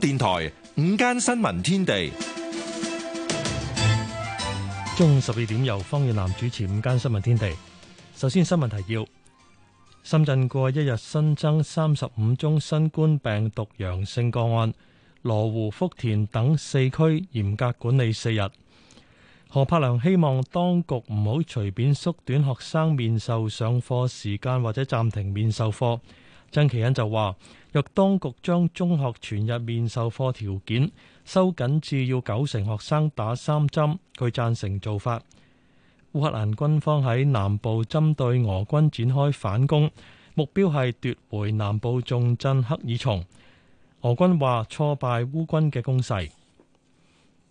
電台午間新聞天地，中午十二點由方遠南主持午間新聞天地。首先新聞提要：深圳過一日新增三十五宗新冠病毒陽性個案，羅湖、福田等四區嚴格管理四日。何柏良希望當局唔好隨便縮短學生面授上課時間或者暫停面授課。曾其恩就話，若當局將中學全日面授課條件收緊至要九成學生打三針，佢贊成做法。烏克蘭軍方喺南部針對俄軍展開反攻，目標係奪回南部重鎮赫爾松。俄軍話挫敗烏軍嘅攻勢。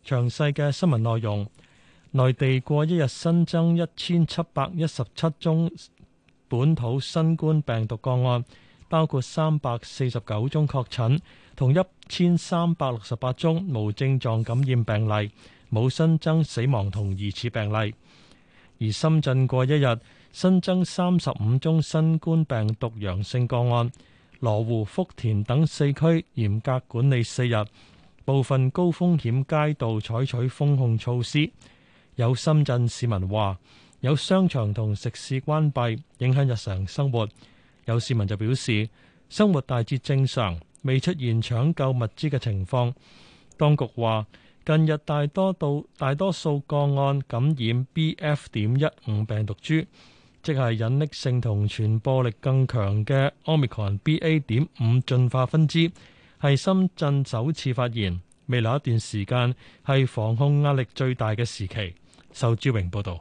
詳細嘅新聞內容，內地過一日新增一千七百一十七宗本土新冠病毒個案。包括三百四十九宗確診同一千三百六十八宗無症狀感染病例，冇新增死亡同疑似病例。而深圳過一日新增三十五宗新冠病毒陽性個案，羅湖、福田等四區嚴格管理四日，部分高風險街道採取封控措施。有深圳市民話：有商場同食肆關閉，影響日常生活。有市民就表示，生活大致正常，未出現搶購物資嘅情況。當局話，近日大多到大多數個案感染 B. F. 點一五病毒株，即係隱匿性同傳播力更強嘅 Omicron B. A. 點五進化分支，係深圳首次發現。未來一段時間係防控壓力最大嘅時期。仇志榮報道。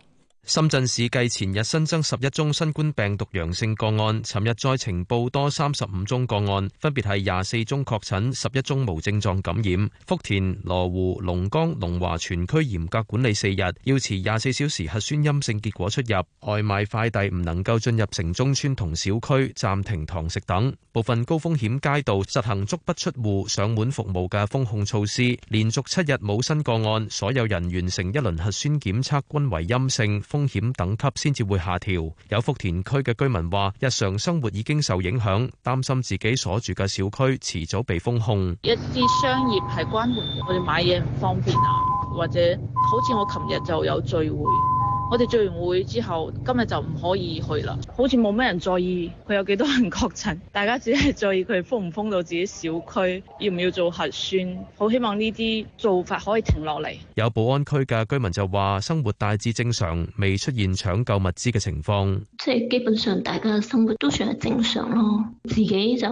深圳市繼前日新增十一宗新冠病毒陽性個案，尋日再呈報多三十五宗個案，分別係廿四宗確診、十一宗無症狀感染。福田、羅湖、龍崗、龍華全區嚴格管理四日，要持廿四小時核酸陰性結果出入，外賣、快遞唔能夠進入城中村同小區，暫停堂食等。部分高風險街道實行足不出戶上門服務嘅封控措施，連續七日冇新個案，所有人完成一輪核酸檢測均為陰性。風險等級先至會下調。有福田區嘅居民話，日常生活已經受影響，擔心自己所住嘅小區遲早被封控。一啲商業係關門，我哋買嘢唔方便呀，或者好似我琴日就有聚會。我哋做完會之後，今日就唔可以去啦。好似冇咩人在意佢有幾多人確診，大家只係在意佢封唔封到自己小區，要唔要做核酸。好希望呢啲做法可以停落嚟。有寶安區嘅居民就話：生活大致正常，未出現搶購物資嘅情況。即係基本上大家嘅生活都算係正常咯，自己就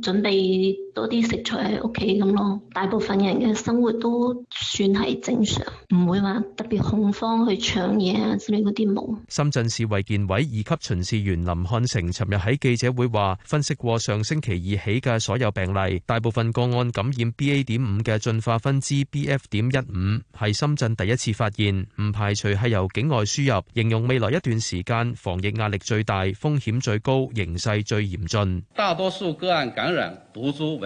準備多啲食材喺屋企咁咯，大部分人嘅生活都算係正常，唔會話特別恐慌去搶嘢啊之類嗰啲，冇。深圳市衛健委二級巡視員林漢成尋日喺記者會話，分析過上星期二起嘅所有病例，大部分個案感染 B A. 點五嘅進化分支 B F. 點一五，係深圳第一次發現，唔排除係由境外輸入。形容未來一段時間防疫壓力最大、風險最高、形勢最嚴峻。大多數個案感染毒株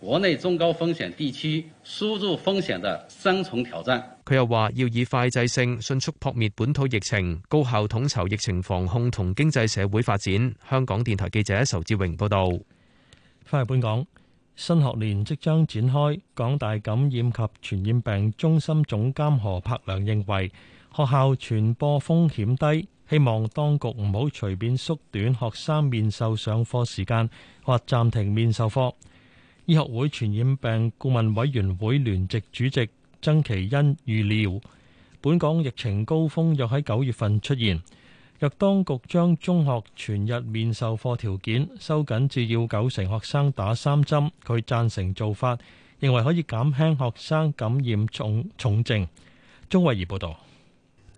國內中高風險地區輸入風險的三重挑戰。佢又話：要以快制性，迅速撲滅本土疫情，高效統籌疫情防控同經濟社會發展。香港電台記者仇志榮報道：「翻嚟本港，新學年即將展開，港大感染及傳染病中心總監何柏良認為學校傳播風險低，希望當局唔好隨便縮短學生面授上課時間或暫停面授課。醫學會傳染病顧問委員會聯席主席曾其恩預料，本港疫情高峰約喺九月份出現。若當局將中學全日面授課條件收緊至要九成學生打三針，佢贊成做法，認為可以減輕學生感染重重症。鍾慧儀報道，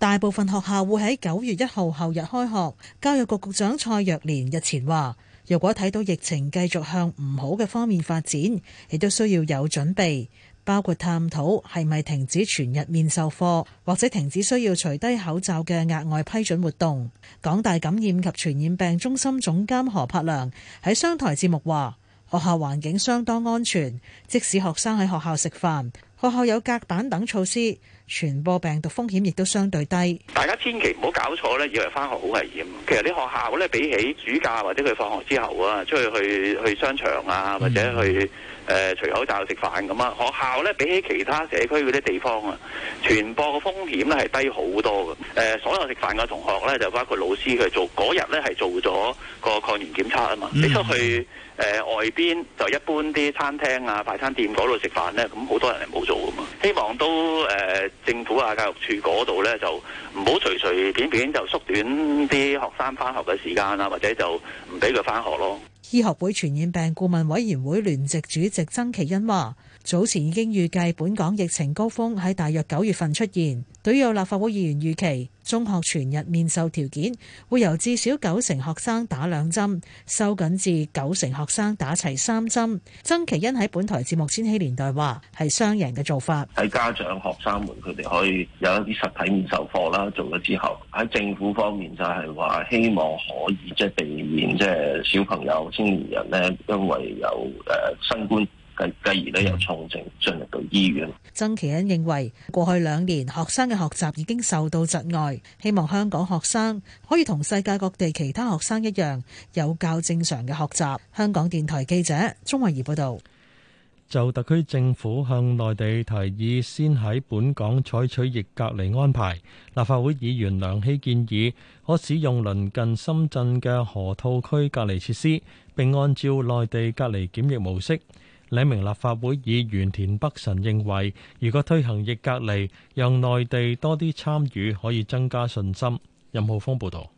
大部分學校會喺九月一號後日開學。教育局局長蔡若蓮日前話。如果睇到疫情繼續向唔好嘅方面發展，亦都需要有準備，包括探討係咪停止全日面授課，或者停止需要除低口罩嘅額外批准活動。港大感染及傳染病中心總監何柏良喺商台節目話，學校環境相當安全，即使學生喺學校食飯，學校有隔板等措施，傳播病毒風險亦都相對低，大家千祈唔好搞錯咧，以為返學好危險。其實啲學校咧，比起暑假或者佢放學之後啊，出去去去商場啊，或者去，誒、呃、隨口罩食飯咁啊！學校咧比起其他社區嗰啲地方啊，傳播嘅風險咧係低好多嘅。誒、呃、所有食飯嘅同學咧，就包括老師佢做嗰日咧係做咗個抗原檢測啊嘛。嗯、你出去誒、呃、外邊就一般啲餐廳啊、快餐店嗰度食飯咧，咁好多人係冇做噶嘛。希望都誒、呃、政府啊、教育處嗰度咧就唔好隨隨便便就縮短啲學生翻學嘅時間啦、啊，或者就唔俾佢翻學咯。醫學會傳染病顧問委員會聯席主席曾其恩話。早前已經預計本港疫情高峰喺大約九月份出現。對有立法會議員預期中學全日面授條件會由至少九成學生打兩針，收緊至九成學生打齊三針。曾奇欣喺本台節目《千禧年代》話：係雙贏嘅做法，喺家長、學生們佢哋可以有一啲實體面授課啦。做咗之後，喺政府方面就係話希望可以即係避免即係小朋友、青年人呢，因為有誒新冠。繼繼而咧，有重症進入到醫院。曾其恩認為，過去兩年學生嘅學習已經受到窒礙，希望香港學生可以同世界各地其他學生一樣，有較正常嘅學習。香港電台記者鍾慧儀報道。就特區政府向內地提議，先喺本港採取逆隔離安排，立法會議員梁熙建議可使用鄰近深圳嘅河套區隔離設施，並按照內地隔離檢疫模式。兩名立法會議員田北辰認為，如果推行逆隔離，讓內地多啲參與，可以增加信心。任浩峰報導。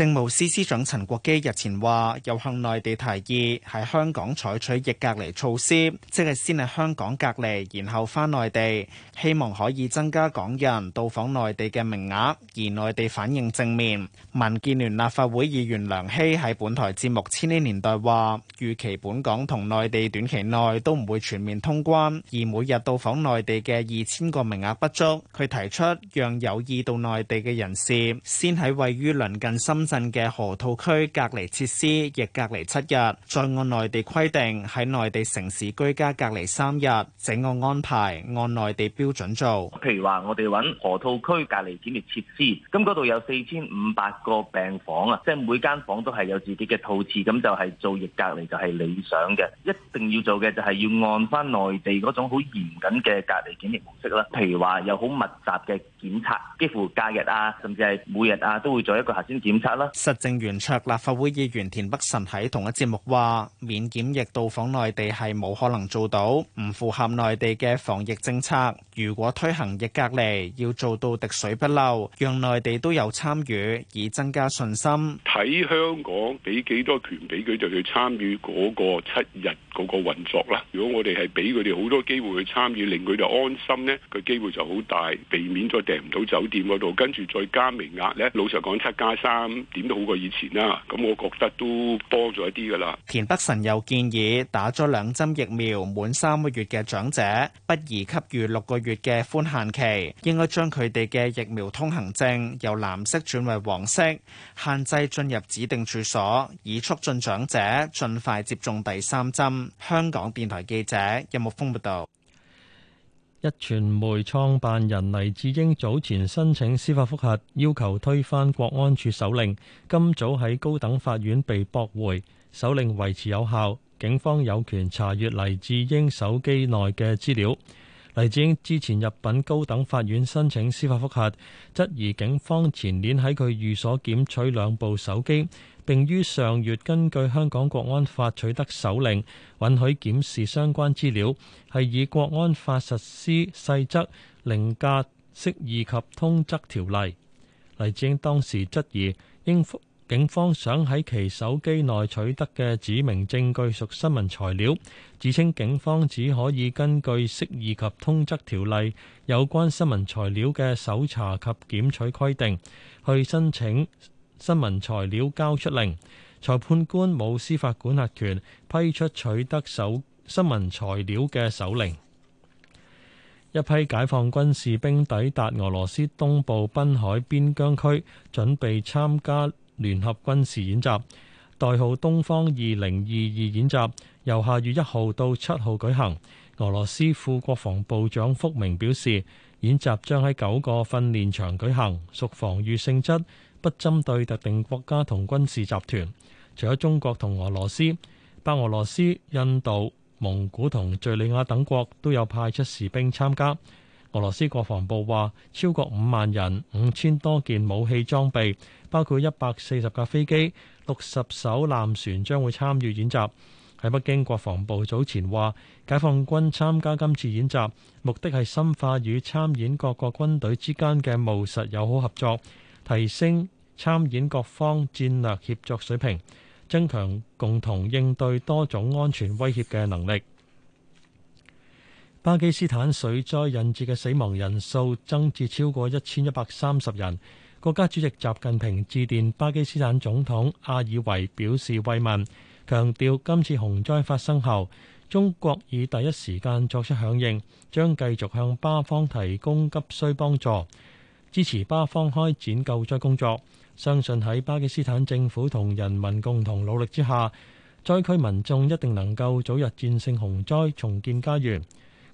政務司司長陳國基日前話，又向內地提議喺香港採取逆隔離措施，即係先喺香港隔離，然後返內地，希望可以增加港人到訪內地嘅名額。而內地反應正面。民建聯立法會議員梁希喺本台節目《千禧年代》話，預期本港同內地短期內都唔會全面通關，而每日到訪內地嘅二千個名額不足。佢提出讓有意到內地嘅人士先喺位於鄰近深。鎮嘅河套區隔離設施亦隔離七日，再按內地規定喺內地城市居家隔離三日，整個安排按內地標準做。譬如話我哋揾河套區隔離檢疫設施，咁嗰度有四千五百個病房啊，即係每間房都係有自己嘅套廁，咁就係做疫隔離就係理想嘅。一定要做嘅就係要按翻內地嗰種好嚴謹嘅隔離檢疫模式啦。譬如話有好密集嘅檢測，幾乎假日啊，甚至係每日啊，都會做一個核酸檢測。實政圓桌立法會議員田北辰喺同一節目話：免檢疫到訪內地係冇可能做到，唔符合內地嘅防疫政策。如果推行逆隔離，要做到滴水不漏，讓內地都有參與，以增加信心。睇香港俾幾多權俾佢就要參與嗰個七日嗰個運作啦。如果我哋係俾佢哋好多機會去參與，令佢哋安心呢，佢機會就好大，避免再訂唔到酒店嗰度，跟住再加名額呢，老實講，七加三。點都好過以前啦，咁我覺得都多咗一啲噶啦。田北辰又建議打咗兩針疫苗滿三個月嘅長者，不宜給予六個月嘅寬限期，應該將佢哋嘅疫苗通行證由藍色轉為黃色，限制進入指定處所，以促進長者盡快接種第三針。香港電台記者任木峯報道。一傳媒創辦人黎智英早前申請司法複核，要求推翻國安處手令，今早喺高等法院被駁回，手令維持有效，警方有權查閱黎智英手機內嘅資料。黎智英之前入禀高等法院申請司法複核，質疑警方前年喺佢寓所檢取兩部手機。並於上月根據香港國安法取得手令，允許檢視相關資料，係以國安法實施細則、凌駕、釋義及通則條例。黎智英當時質疑，應警方想喺其手機內取得嘅指明證據屬新聞材料，指稱警方只可以根據釋義及通則條例有關新聞材料嘅搜查及檢取規定去申請。新聞材料交出令，裁判官冇司法管轄權，批出取得手新聞材料嘅手令。一批解放軍士兵抵達俄羅斯東部濱海邊疆區，準備參加聯合軍事演習，代號「東方二零二二」演習，由下月一號到七號舉行。俄羅斯副國防部長福明表示，演習將喺九個訓練場舉行，屬防禦性質。不針對特定國家同軍事集團，除咗中國同俄羅斯、白俄羅斯、印度、蒙古同敍利亞等國都有派出士兵參加。俄羅斯國防部話，超過五萬人、五千多件武器裝備，包括一百四十架飛機、六十艘艦船，將會參與演習。喺北京，國防部早前話，解放軍參加今次演習目的係深化與參演各國軍隊之間嘅務實友好合作，提升參演各方戰略協作水平，增強共同應對多種安全威脅嘅能力。巴基斯坦水災引致嘅死亡人數增至超過一千一百三十人。國家主席習近平致電巴基斯坦總統阿爾維表示慰問，強調今次洪災發生後，中國已第一時間作出響應，將繼續向巴方提供急需幫助。支持巴方開展救災工作，相信喺巴基斯坦政府同人民共同努力之下，災區民眾一定能夠早日戰勝洪災，重建家園。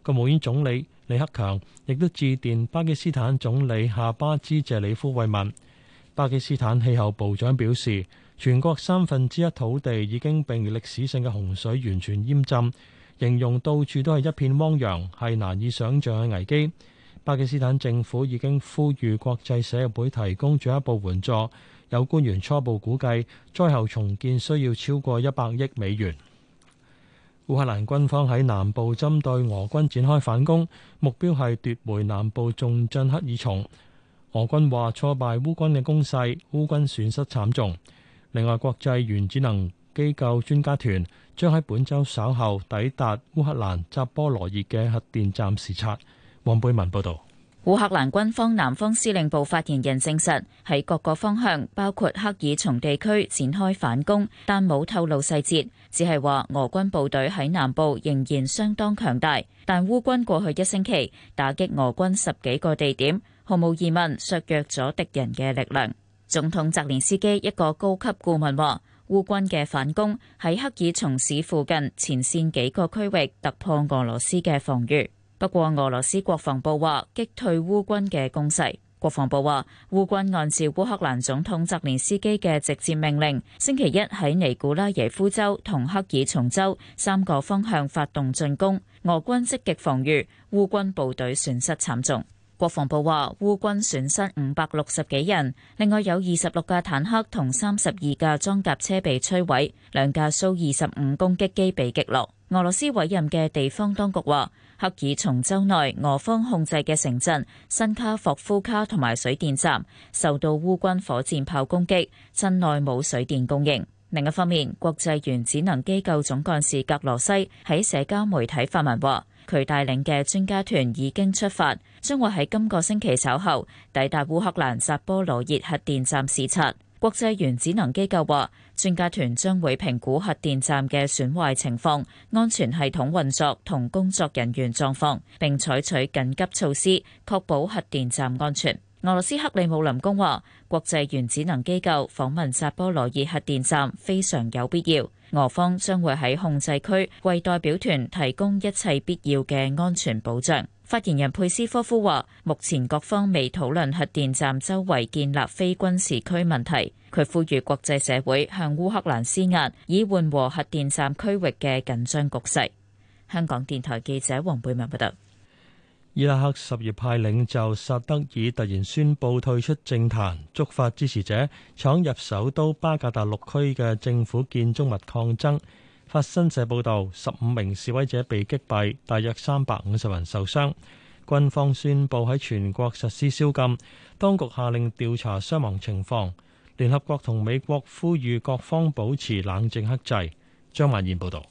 國務院總理李克強亦都致電巴基斯坦總理夏巴茲謝里夫慰問。巴基斯坦氣候部長表示，全國三分之一土地已經被歷史性嘅洪水完全淹浸，形容到處都係一片汪洋，係難以想像嘅危機。巴基斯坦政府已經呼籲國際社會提供進一步援助。有官員初步估計，災後重建需要超過一百億美元。烏克蘭軍方喺南部針對俄軍展開反攻，目標係奪回南部重鎮克爾松。俄軍話挫敗烏軍嘅攻勢，烏軍損失慘重。另外，國際原子能機構專家團將喺本週稍後抵達烏克蘭扎波羅熱嘅核電站視察。王貝文報道，烏克蘭軍方南方司令部發言人證實，喺各個方向，包括克爾松地區展開反攻，但冇透露細節，只係話俄軍部隊喺南部仍然相當強大，但烏軍過去一星期打擊俄軍十幾個地點，毫無疑問削弱咗敵人嘅力量。總統澤連斯基一個高級顧問話，烏軍嘅反攻喺克爾松市附近前綫幾個區域突破俄羅斯嘅防禦。不過，俄羅斯國防部話擊退烏軍嘅攻勢。國防部話，烏軍按照烏克蘭總統澤連斯基嘅直接命令，星期一喺尼古拉耶夫州同克爾松州三個方向發動進攻。俄軍積極防禦，烏軍部隊損失慘重。國防部話，烏軍損失五百六十幾人，另外有二十六架坦克同三十二架裝甲車被摧毀，兩架蘇二十五攻擊機被擊落。俄羅斯委任嘅地方當局話，克爾松州內俄方控制嘅城鎮新卡霍夫卡同埋水電站受到烏軍火箭炮攻擊，鎮內冇水電供應。另一方面，國際原子能機構總幹事格羅西喺社交媒體發文話，佢帶領嘅專家團已經出發，將會喺今個星期稍後抵達烏克蘭扎波羅熱核電站視察。國際原子能機構話：專家團將會評估核電站嘅損壞情況、安全系統運作同工作人員狀況，並採取緊急措施，確保核電站安全。俄羅斯克里姆林宮話：國際原子能機構訪問扎波羅熱核電站非常有必要，俄方將會喺控制區為代表團提供一切必要嘅安全保障。發言人佩斯科夫話：目前各方未討論核電站周圍建立非軍事區問題。佢呼籲國際社會向烏克蘭施壓，以緩和核電站區域嘅緊張局勢。香港電台記者黃貝文報導：伊拉克什葉派領袖薩德爾突然宣布退出政壇，觸發支持者闖入首都巴格達綠區嘅政府建築物抗爭。法新社報導，十五名示威者被擊斃，大約三百五十人受傷。軍方宣佈喺全國實施宵禁，當局下令調查傷亡情況。聯合國同美國呼籲各方保持冷靜克制。張曼燕報導。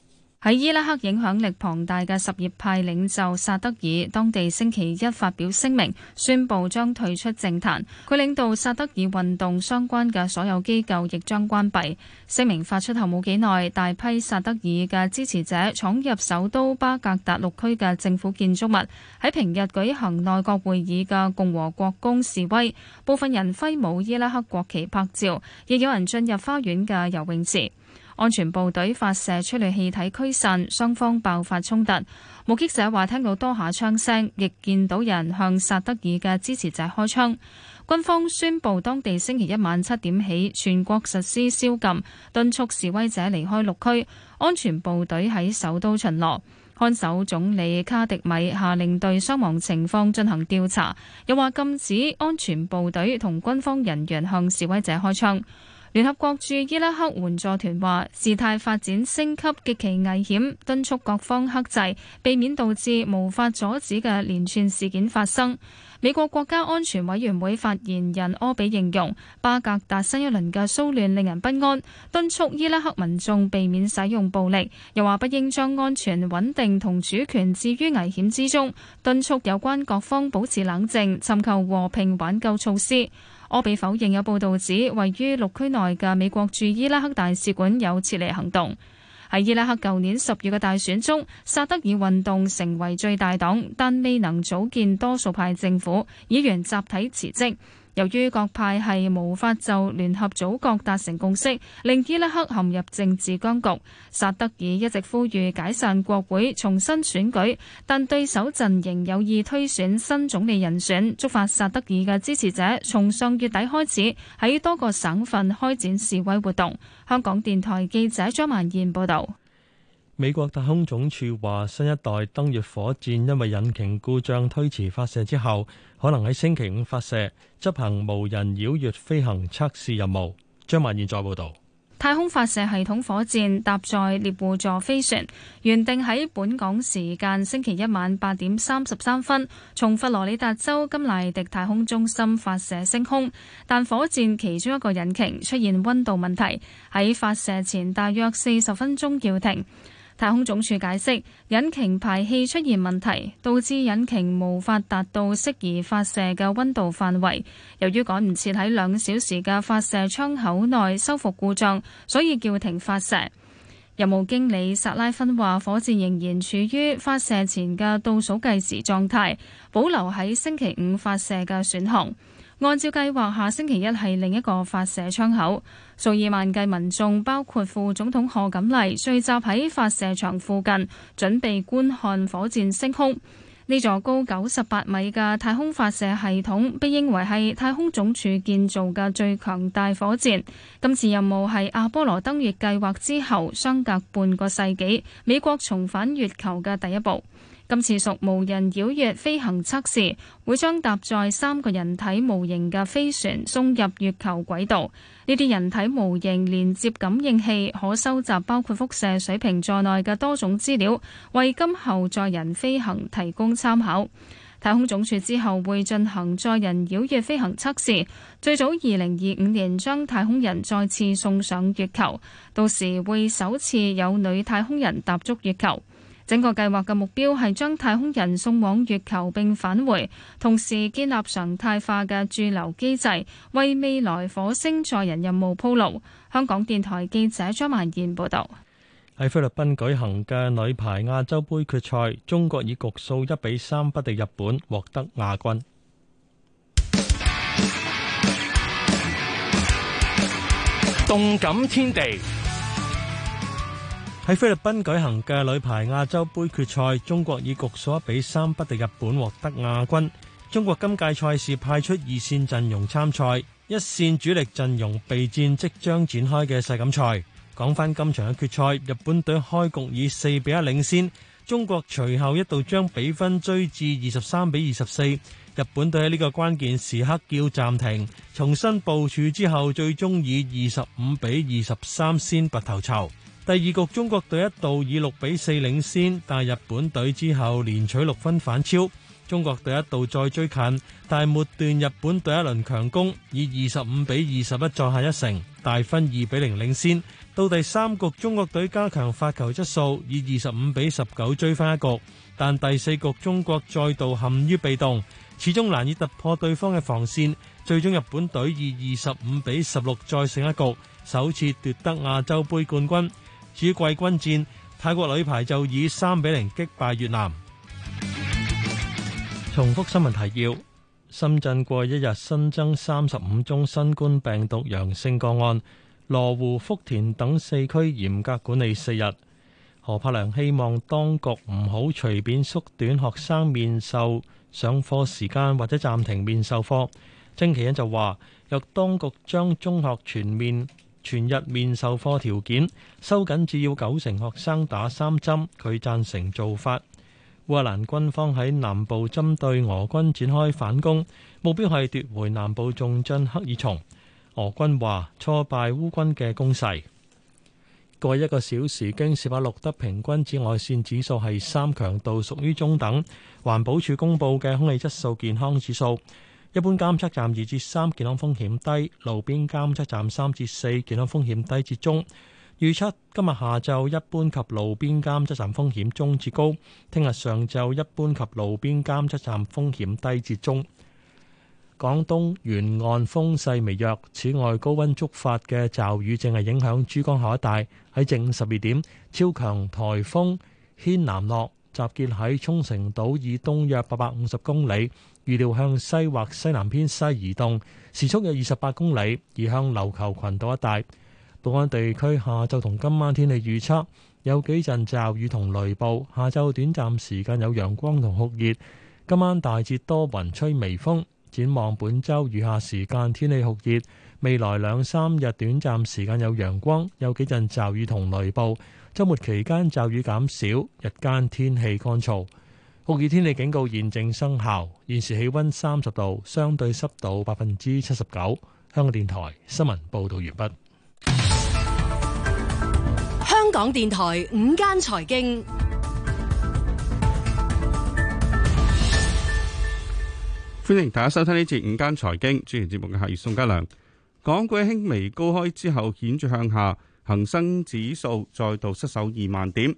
喺伊拉克影響力龐大嘅什葉派領袖薩德爾，當地星期一發表聲明，宣布將退出政壇，佢領導薩德爾運動相關嘅所有機構亦將關閉。聲明發出後冇幾耐，大批薩德爾嘅支持者闖入首都巴格達六區嘅政府建築物，喺平日舉行內閣會議嘅共和國宮示威，部分人揮舞伊拉克國旗拍照，亦有人進入花園嘅游泳池。安全部隊發射催淚氣體驅散，雙方爆發衝突。目擊者話聽到多下槍聲，亦見到人向薩德爾嘅支持者開槍。軍方宣布當地星期一晚七點起全國實施宵禁，敦促示威者離開綠區。安全部隊喺首都巡邏，看守總理卡迪米下令對傷亡情況進行調查，又話禁止安全部隊同軍方人員向示威者開槍。聯合國駐伊拉克援助團話：事態發展升級極其危險，敦促各方克制，避免導致無法阻止嘅連串事件發生。美國國家安全委員會發言人柯比形容巴格達新一輪嘅騷亂令人不安，敦促伊拉克民眾避免使用暴力，又話不應將安全穩定同主權置於危險之中，敦促有關各方保持冷靜，尋求和平挽救措施。我被否認有報導指，位於六區內嘅美國駐伊拉克大使館有撤離行動。喺伊拉克舊年十月嘅大選中，薩德爾運動成為最大黨，但未能組建多數派政府，議員集體辭職。由於各派系無法就聯合組閣達成共識，令伊拉克陷入政治僵局。薩德爾一直呼籲解散國會、重新選舉，但對手陣營有意推選新總理人選，觸發薩德爾嘅支持者從上月底開始喺多個省份開展示威活動。香港電台記者張曼燕報導。美國太空總署話，新一代登月火箭因為引擎故障推遲發射之後，可能喺星期五發射，執行無人繞月飛行測試任務。張曼現再報道，太空發射系統火箭搭載獵戶座飛船，原定喺本港時間星期一晚八點三十三分從佛羅里達州甘迺迪太空中心發射升空，但火箭其中一個引擎出現溫度問題，喺發射前大約四十分鐘叫停。太空總署解釋，引擎排氣出現問題，導致引擎無法達到適宜發射嘅溫度範圍。由於趕唔切喺兩小時嘅發射窗口內修復故障，所以叫停發射。任務經理薩拉芬話，火箭仍然處於發射前嘅倒數計時狀態，保留喺星期五發射嘅選項。按照計劃下，下星期一係另一個發射窗口，數以萬計民眾，包括副總統賀錦麗，聚集喺發射場附近，準備觀看火箭升空。呢座高九十八米嘅太空發射系統，被認為係太空總署建造嘅最強大火箭。今次任務係阿波羅登月計劃之後相隔半個世紀，美國重返月球嘅第一步。今次屬無人繞月飛行測試，會將搭載三個人體模型嘅飛船送入月球軌道。呢啲人體模型連接感應器，可收集包括輻射水平在內嘅多種資料，為今後載人飛行提供參考。太空總署之後會進行載人繞月飛行測試，最早二零二五年將太空人再次送上月球。到時會首次有女太空人踏足月球。整個計劃嘅目標係將太空人送往月球並返回，同時建立常態化嘅駐留機制，為未來火星載人任務鋪路。香港電台記者張曼燕報道。喺菲律賓舉行嘅女排亞洲盃決賽，中國以局數一比三不敵日本，獲得亞軍。動感天地。喺菲律賓舉行嘅女排亞洲盃決賽，中國以局數一比三不敵日本，獲得亞軍。中國今屆賽事派出二線陣容參賽，一線主力陣容備戰即將展開嘅世錦賽。講翻今場嘅決賽，日本隊開局以四比一領先，中國隨後一度將比分追至二十三比二十四。日本隊喺呢個關鍵時刻叫暫停，重新部署之後，最終以二十五比二十三先拔頭籌。第二局中國隊一度以六比四領先，但日本隊之後連取六分反超。中國隊一度再追近，但係末段日本隊一輪強攻，以二十五比二十一再下一城，大分二比零領先。到第三局中國隊加強發球質素，以二十五比十九追翻一局，但第四局中國再度陷於被動，始終難以突破對方嘅防線。最終日本隊以二十五比十六再勝一局，首次奪得亞洲杯冠軍。主季軍戰，泰國女排就以三比零擊敗越南。重複新聞提要：深圳過去一日新增三十五宗新冠病毒陽性個案，羅湖、福田等四區嚴格管理四日。何柏良希望當局唔好隨便縮短學生面授上課時間或者暫停面授課。曾其恩就話：若當局將中學全面全日面授課條件收緊，只要九成學生打三針，佢贊成做法。烏克蘭軍方喺南部針對俄軍展開反攻，目標係奪回南部重鎮克爾松。俄軍話挫敗烏軍嘅攻勢。過一個小時，京士柏錄得平均紫外線指數係三強度，屬於中等。環保署公布嘅空氣質素健康指數。一般監測站二至三健康風險低，路邊監測站三至四健康風險低至中。預測今日下晝一般及路邊監測站風險中至高，聽日上晝一般及路邊監測站風險低至中。廣東沿岸風勢微弱，此外高溫觸發嘅驟雨正係影響珠江口一帶。喺正午十二點，超強颱風軒嵐諾集結喺沖繩島以東約八百五十公里。預料向西或西南偏西移動，時速有二十八公里，移向琉球群島一帶。本港地區下晝同今晚天氣預測，有幾陣驟雨同雷暴，下晝短暫時間有陽光同酷熱，今晚大致多雲吹微風。展望本周餘下時間天氣酷熱，未來兩三日短暫時間有陽光，有幾陣驟雨同雷暴。周末期間驟雨減少，日間天氣乾燥。酷熱天氣警告現正生效，現時氣温三十度，相對濕度百分之七十九。香港電台新聞報道完畢。香港電台五間財經，經歡迎大家收聽呢次五間財經。主持節目嘅客係宋家良。港股輕微高開之後，顯著向下，恒生指數再度失守二萬點。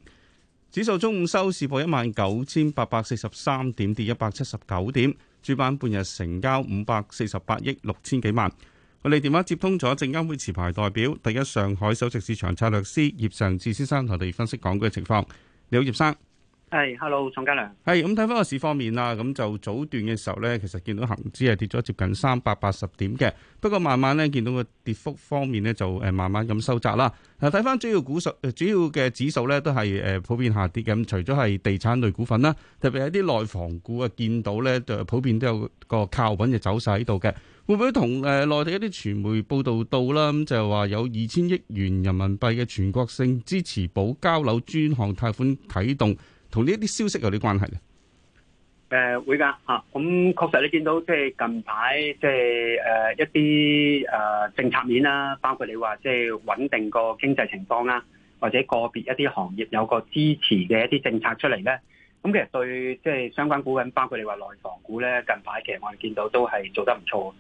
指數中午收市報一萬九千八百四十三點，跌一百七十九點。主板半日成交五百四十八億六千幾萬。我哋電話接通咗證監會持牌代表、第一上海首席市場策略師葉尚志先生，同你分析港股嘅情況。你好，葉生。係，hello，宋家良。係咁睇翻個市方面啦，咁就早段嘅時候咧，其實見到恒指係跌咗接近三百八十點嘅。不過慢慢咧，見到個跌幅方面咧，就誒慢慢咁收窄啦。睇翻主要股數，主要嘅指數咧都係誒普遍下跌嘅。咁除咗係地產類股份啦，特別係啲內房股啊，見到咧就普遍都有個靠穩嘅走勢喺度嘅。會唔會同誒內地一啲傳媒報道到啦？咁就話有二千億元人民幣嘅全國性支持保交樓專項貸款啟動。同呢啲消息有啲關係咧？誒、呃，會噶吓，咁、啊、確、嗯、實你見到即係近排即係誒一啲誒、呃、政策面啦、啊，包括你話即係穩定個經濟情況啦、啊，或者個別一啲行業有個支持嘅一啲政策出嚟咧，咁、嗯、其實對即係相關股份，包括你話內房股咧，近排其實我哋見到都係做得唔錯，咁、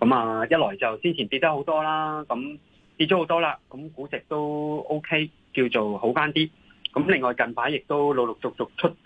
嗯、啊一來就先前跌得好多啦，咁、嗯、跌咗好多啦，咁估值都 OK，叫做好翻啲。咁另外近排亦都陸陸續續出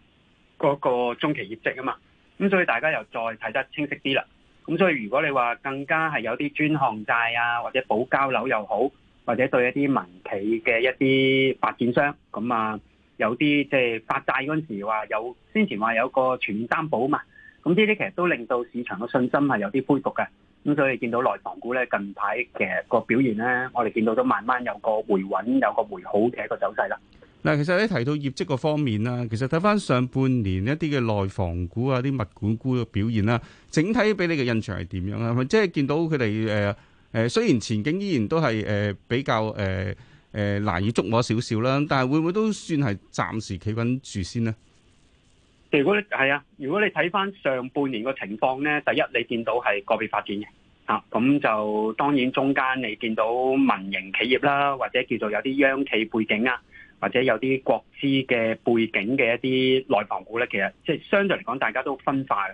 嗰個中期業績啊嘛，咁所以大家又再睇得清晰啲啦。咁所以如果你話更加係有啲專項債啊，或者保交樓又好，或者對一啲民企嘅一啲發展商咁啊，有啲即係發債嗰陣時話有先前話有個全擔保啊嘛，咁呢啲其實都令到市場嘅信心係有啲恢復嘅。咁所以見到內房股咧近排其實個表現咧，我哋見到都慢慢有個回穩有個回好嘅一個走勢啦。嗱，其實你提到業績個方面啦，其實睇翻上半年一啲嘅內房股啊、啲物管股嘅表現啦，整體俾你嘅印象係點樣啊？即係見到佢哋誒誒，雖然前景依然都係誒、呃、比較誒誒、呃、難以捉摸少少啦，但係會唔會都算係暫時企穩住先咧？如果係啊，如果你睇翻上半年個情況呢，第一你見到係個別發展嘅，啊，咁就當然中間你見到民營企業啦，或者叫做有啲央企背景啊。或者有啲國資嘅背景嘅一啲內房股咧，其實即係相對嚟講大家都分化嘅。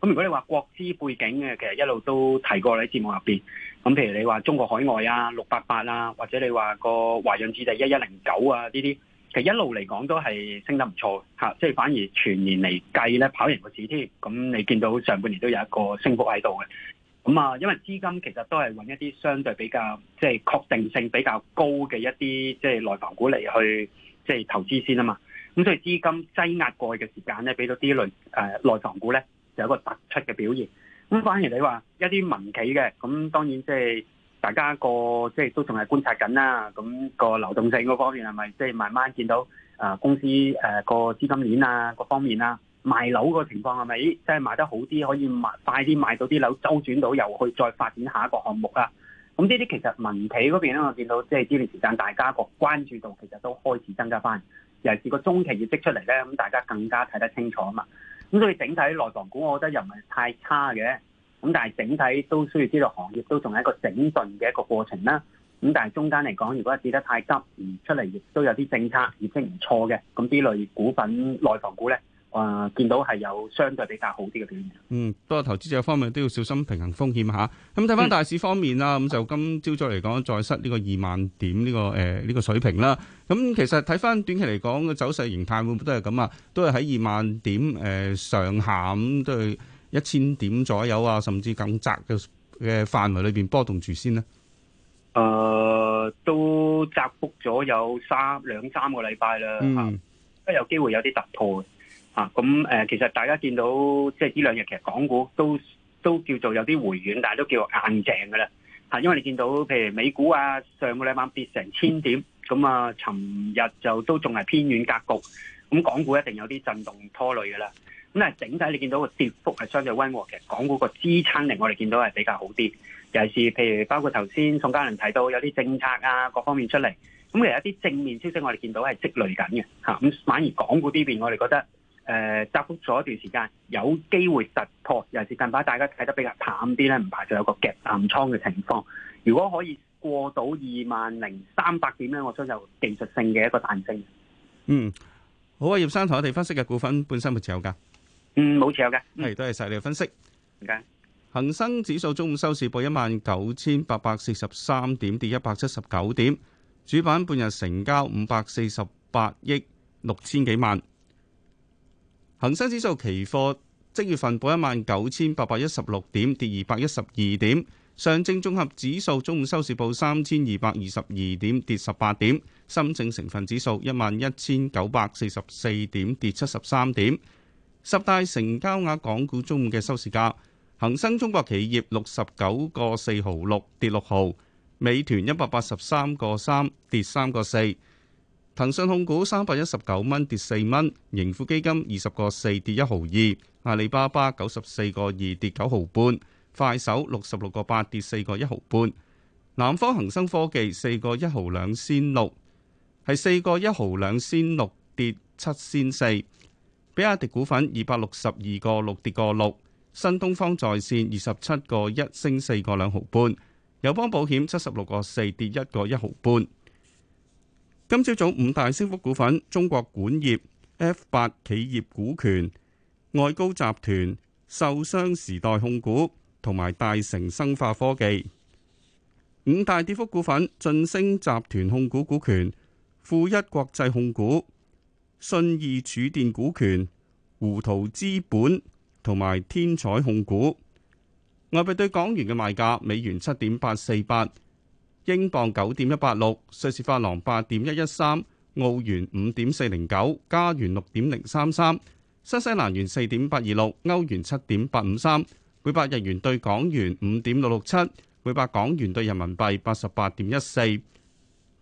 咁如果你話國資背景嘅，其實一路都提過喺節目入邊。咁譬如你話中國海外啊、六八八啊，或者你話個華潤置地一一零九啊，呢啲其實一路嚟講都係升得唔錯嚇，啊，即係反而全年嚟計咧跑贏個市添。咁你見到上半年都有一個升幅喺度嘅。咁啊，因為資金其實都係揾一啲相對比較即係確定性比較高嘅一啲即係內房股嚟，去即係、就是、投資先啊嘛。咁所以資金擠壓過去嘅時間咧，俾到啲類誒內、呃、房股咧就有一個突出嘅表現。咁反而你話一啲民企嘅，咁當然即係大家個即係、就是、都仲係觀察緊啦。咁、那個流動性嗰方面係咪即係慢慢見到啊、呃、公司誒個資金鏈啊各方面啊？賣樓個情況係咪即係賣得好啲，可以賣快啲賣到啲樓，周轉到又去再發展下一個項目啊？咁呢啲其實民企嗰邊咧，我見到即係呢段時間大家個關注度其實都開始增加翻，尤其是個中期業績出嚟咧，咁大家更加睇得清楚啊嘛。咁所以整體內房股，我覺得又唔係太差嘅。咁但係整體都需要知道行業都仲係一個整頓嘅一個過程啦。咁但係中間嚟講，如果跌得太急而出嚟，亦都有啲政策業績唔錯嘅，咁啲類股份內房股咧。誒、啊，見到係有相對比較好啲嘅表現。嗯，不過投資者方面都要小心平衡風險吓。咁睇翻大市方面啦，咁就今朝早嚟講再失呢個二萬點呢、這個誒呢、呃這個水平啦。咁、嗯、其實睇翻短期嚟講嘅走勢形態，會唔會都係咁啊？都係喺二萬點誒、呃、上下咁，都係一千點左右啊，甚至更窄嘅嘅範圍裏邊波動住先呢誒、呃，都窄幅咗有三兩三個禮拜啦。啊、嗯。都有機會有啲突破嘅啊，咁誒，其實大家見到即係呢兩日，其實港股都都叫做有啲回軟，但係都叫做硬淨嘅啦。嚇、啊，因為你見到譬如美股啊，上個禮拜跌成千點，咁、嗯、啊，尋日就都仲係偏軟格局，咁、嗯、港股一定有啲震動拖累嘅啦。咁但係，整體你見到個跌幅係相對溫和嘅，港股個支撐力，我哋見到係比較好啲。尤其是譬如包括頭先宋嘉麟提到有啲政策啊，各方面出嚟，咁、嗯、其實一啲正面消息我哋見到係積累緊嘅，嚇、啊，咁反而港股呢邊我哋覺得。誒，窄、呃、幅咗一段時間，有機會突破，尤其是近排大家睇得比較淡啲咧，唔排除有個夾硬倉嘅情況。如果可以過到二萬零三百點咧，我相信有技術性嘅一個彈性。嗯，好啊，葉生同我哋分析嘅股份本身冇持有噶、嗯。嗯，冇持有嘅。係，多謝晒你嘅分析。唔該謝。恆生指數中午收市報一萬九千八百四十三點，跌一百七十九點。主板半日成交五百四十八億六千幾萬。恒生指數期貨即月份報一萬九千八百一十六點，跌二百一十二點。上證綜合指數中午收市報三千二百二十二點，跌十八點。深證成分指數一萬一千九百四十四點，跌七十三點。十大成交額港股中午嘅收市價，恒生中國企業六十九個四毫六，跌六毫。美團一百八十三個三，跌三個四。騰訊控股三百一十九蚊，跌四蚊，盈富基金二十個四跌一毫二，阿里巴巴九十四個二跌九毫半，快手六十六個八跌四個一毫半，南方恒生科技四個一毫兩仙六，係四個一毫兩仙六跌七仙四，比亞迪股份二百六十二個六跌個六，新東方在綫二十七個一升四個兩毫半，友邦保險七十六個四跌一個一毫半。今朝早五大升幅股份：中國管業、F 八企業股權、外高集團、壽商時代控股同埋大成生化科技。五大跌幅股份：晉升集團控股股權、富一國際控股、信義儲電股權、胡圖資本同埋天彩控股。外幣對港元嘅賣價，美元七點八四八。英鎊九點一八六，瑞士法郎八點一一三，澳元五點四零九，加元六點零三三，新西蘭元四點八二六，歐元七點八五三，每百日元兌港元五點六六七，每百港元兌人民幣八十八點一四。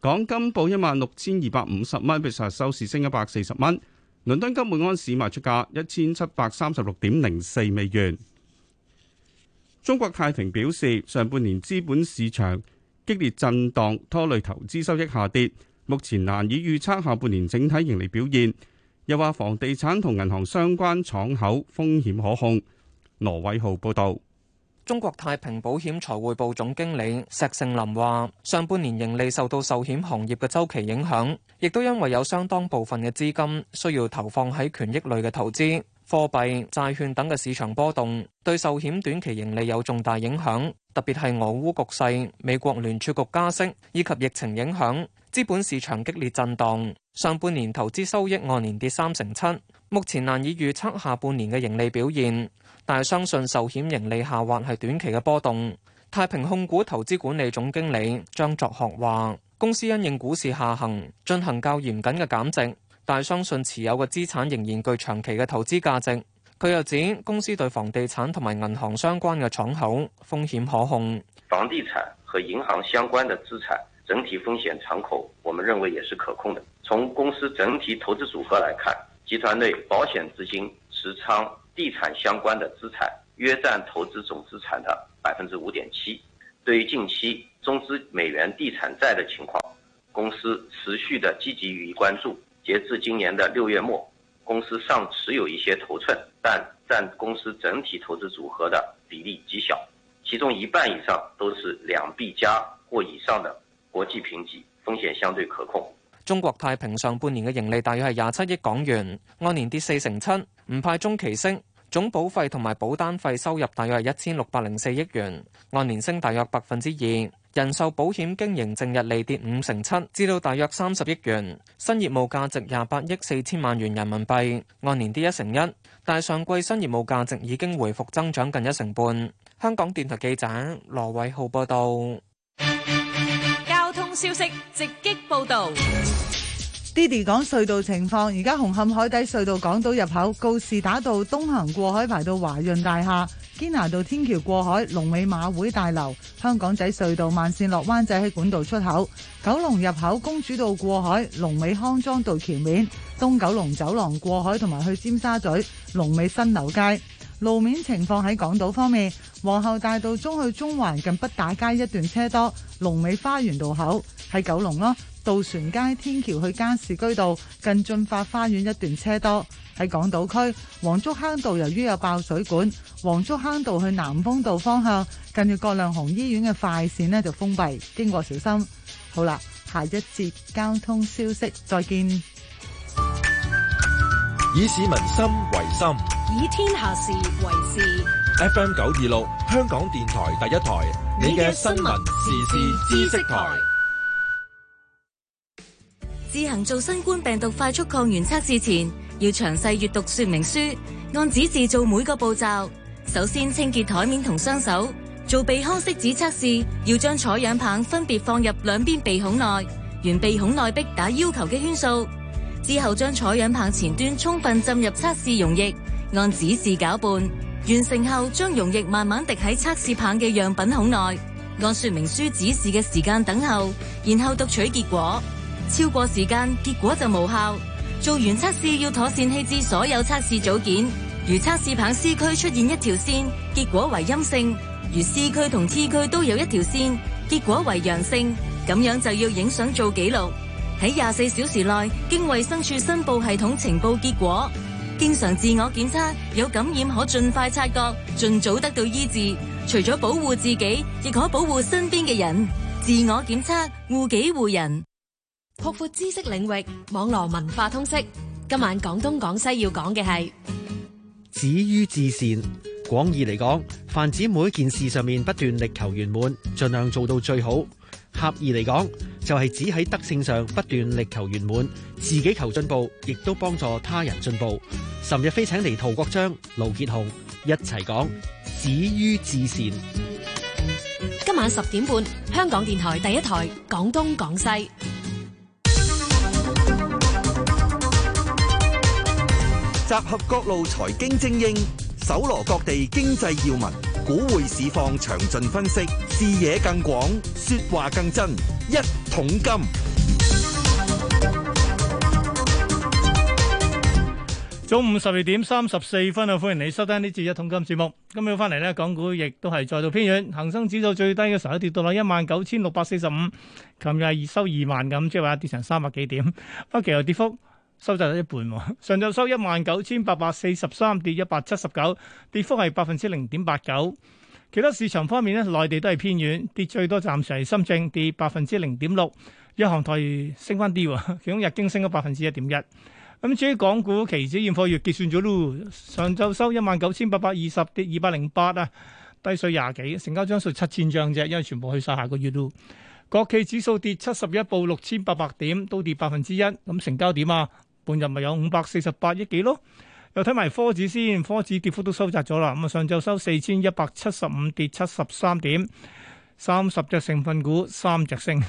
港金報一萬六千二百五十蚊，比上日收市升一百四十蚊。倫敦金每安士賣出價一千七百三十六點零四美元。中國太平表示，上半年資本市場激烈震盪拖累投資收益下跌，目前難以預測下半年整體盈利表現。又話房地產同銀行相關敞口風險可控。羅偉豪報道，中國太平保險財會部總經理石勝林話，上半年盈利受到壽險行業嘅周期影響，亦都因為有相當部分嘅資金需要投放喺權益類嘅投資。貨幣債券等嘅市場波動對壽險短期盈利有重大影響，特別係俄烏局勢美國聯儲局加息以及疫情影響資本市場激烈震蕩上半年投資收益按年跌三成七，目前難以預測下半年嘅盈利表現，但係相信壽險盈利下滑係短期嘅波動太平控股投資管理總經理張作學話公司因應股市下行，進行較嚴謹嘅減值。但相信持有嘅資產仍然具長期嘅投資價值。佢又指，公司對房地產同埋銀行相關嘅敞口風險可控。房地產和銀行相關的資產整體風險敞口，我們認為也是可控的。從公司整體投資組合來看，集團內保險資金持倉地產相關的資產約佔投資總資產的百分之五點七。對於近期中資美元地產債的情況，公司持續的積極予以關注。截至今年的六月末，公司尚持有一些頭寸，但占公司整體投資組合的比例極小，其中一半以上都是兩 B 加或以上的國際評級，風險相對可控。中國太平上半年嘅盈利大約係廿七億港元，按年跌四成七，唔派中期息。總保費同埋保單費收入大約係一千六百零四億元，按年升大約百分之二。人壽保險經營淨溢利跌五成七，至到大約三十億元。新業務價值廿八億四千萬元人民幣，按年跌一成一，但上季新業務價值已經回復增長近一成半。香港電台記者羅偉浩報道。交通消息直擊報道。Diddy 講隧道情況，而家紅磡海底隧道港島入口告士打道東行過海排到華潤大廈、堅拿道天橋過海龍尾、馬會大樓、香港仔隧道慢線落灣仔、喺管道出口，九龍入口公主道過海龍尾康莊道橋面、東九龍走廊過海，同埋去尖沙咀龍尾新樓街。路面情況喺港島方面，皇后大道中去中環近北打街一段車多；龍尾花園路口喺九龍咯，渡船街天橋去加士居道近駿發花園一段車多。喺港島區，黃竹坑道由於有爆水管，黃竹坑道去南風道方向近住葛量洪醫院嘅快線呢就封閉，經過小心。好啦，下一節交通消息，再見。以市民心為心，以天下事為事。FM 九二六，香港電台第一台，你嘅新聞、時事、知識台。自行做新冠病毒快速抗原測試前，要詳細閱讀說明書，按指示做每個步驟。首先清潔台面同雙手。做鼻腔拭子測試，要將採樣棒分別放入兩邊鼻孔內，沿鼻孔內壁打要求嘅圈數。之後將採樣棒前端充分浸入測試溶液，按指示攪拌。完成後將溶液慢慢滴喺測試棒嘅樣品孔內，按說明書指示嘅時間等候，然後讀取結果。超過時間，結果就無效。做完測試要妥善棄置所有測試組件。如測試棒 C 區出現一條線，結果為陰性；如 C 區同 T 區都有一條線，結果為陽性。咁樣就要影相做記錄。喺廿四小時內經衛生署申報系統呈報結果，經常自我檢測有感染可盡快察覺，盡早得到醫治。除咗保護自己，亦可保護身邊嘅人。自我檢測，護己護人。擴闊知識領域，網絡文化通識。今晚廣東廣西要講嘅係止於至善。廣義嚟講，泛指每件事上面不斷力求圓滿，盡量做到最好。合意嚟講，就係指喺德性上不斷力求圓滿，自己求進步，亦都幫助他人進步。尋日飛請嚟陶國章、盧傑雄一齊講止於至善。今晚十點半，香港電台第一台廣東廣西，集合各路財經精英，搜羅各地經濟要聞。股匯市況詳盡分析，視野更廣，說話更真。一桶金，中午十二點三十四分啊！歡迎你收聽呢節一桶金節目。今日翻嚟，呢，港股亦都係再度偏軟，恒生指數最低嘅時候都跌到啦一萬九千六百四十五，琴日係收二萬咁，即係話跌成三百幾點，不期又跌幅。收窄咗一半喎，上晝收一萬九千八百四十三，跌一百七十九，跌幅係百分之零點八九。其他市場方面咧，內地都係偏軟，跌最多，暫時係深證跌百分之零點六，日韓台升翻啲喎，其中日經升咗百分之一點一。咁至於港股期指現貨月結算咗咯，上晝收一萬九千八百二十，跌二百零八啊，低水廿幾，成交張數七千張啫，因為全部去晒下個月咯。國企指數跌七十一報六千八百點，都跌百分之一，咁成交點啊？半日咪有五百四十八億幾咯，又睇埋科指先，科指跌幅都收窄咗啦。咁啊，上晝收四千一百七十五，跌七十三點，三十隻成份股三隻升，喺、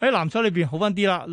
哎、藍籌裏邊好返啲啦。